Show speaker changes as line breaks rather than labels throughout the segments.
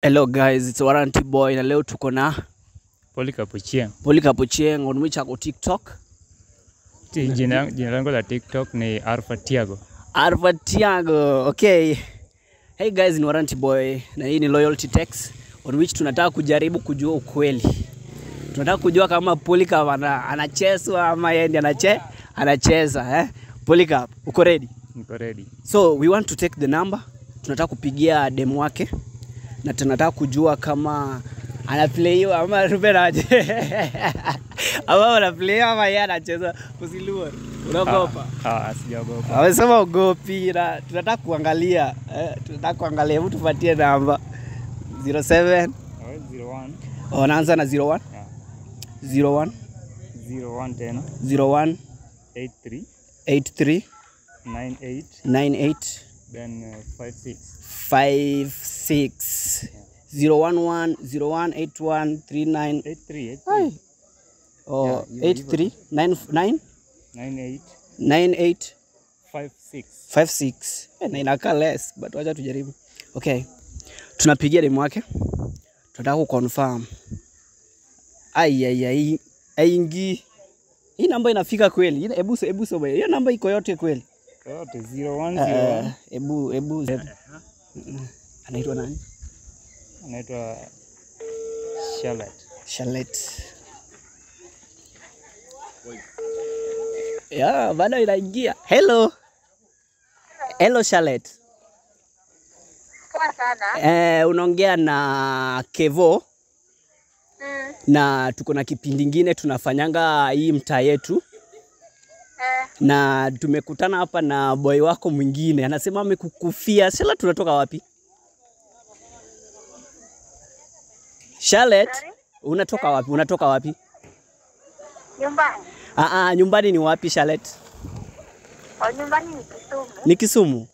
Hello guys, it's Warranty Boy na leo tuko na Polycarp Ochieng. Polycarp Ochieng, on which ako TikTok? Jina langu la TikTok ni Alpha Tiago. Alpha Tiago. Okay. Hey guys, ni Warranty Boy na hii ni Loyalty Techs on which tunataka kujaribu kujua ukweli. Tunataka kujua kama Polycarp ana, ama yeye ndiye anache anacheza eh? Polycarp, uko ready? Niko ready. So we want to take the number. Tunataka kupigia demo wake na tunataka kujua kama anapleiwa ama Ruben aje ama anapleiwa ama yeye anacheza. Usiluo, unaogopa? Ah, ah, sijaogopa. Amesema ugopi, na tunataka kuangalia eh, tunataka kuangalia, mtu patie namba 07 01
oh, naanza na 01
yeah. 01 01 tena 01 83 83 98 98 then uh, six na oh, inakaa eh, less but wacha tujaribu. Okay, tunapigia demu wake, tunataka kuconfirm. Aiaiai, aingi hii namba inafika kweli? Hebu hebu soma hiyo namba iko yote kweli? yote 0101. Hebu hebu anaitwa nani? Anaitwa Charlotte. Charlotte. Ya, bado inaingia. Hello. Hello Charlotte. Eh, unaongea na Kevo. Mm. Na tuko na kipindi ngine tunafanyanga hii mtaa yetu na tumekutana hapa na boy wako mwingine, anasema amekukufia. Shela, tunatoka wapi? Charlotte, unatoka eh? wapi? Unatoka wapi? Nyumbani. Aa, ah, ah, nyumbani ni wapi Charlotte? Oh, nyumbani ni Kisumu. Ni Kisumu eh.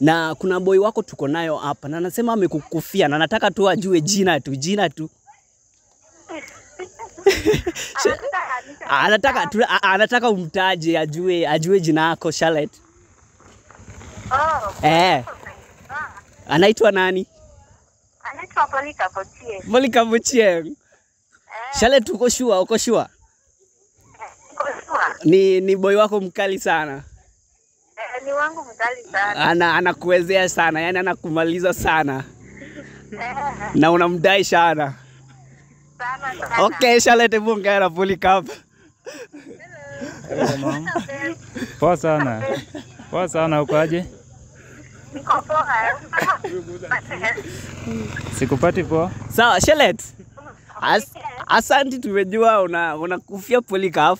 na kuna boy wako tuko nayo hapa na anasema amekukufia na nataka tu ajue jina tu jina tu Ah, anataka tu, anataka umtaje ajue ajue jina yako Charlotte. Oh, eh. Anaitwa nani? Anaitwa Monica Monica Eh. Charlotte uko shua, uko shua. Eh, ni ni boy wako mkali sana. Eh, ni wangu mkali sana. Ana anakuwezea sana, yani anakumaliza sana. Eh. Na unamdai sana sana sana. Okay, Charlotte Bunga era Poa sana. Poa sana, Niko poa. Sikupati poa. Sawa, Charlotte. As, asanti, tumejua una unakufia polycarp.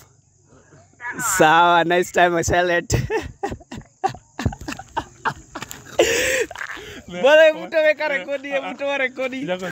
Sawa, nice time Charlotte. Bora mtu ameka rekodi, mtu wa rekodi.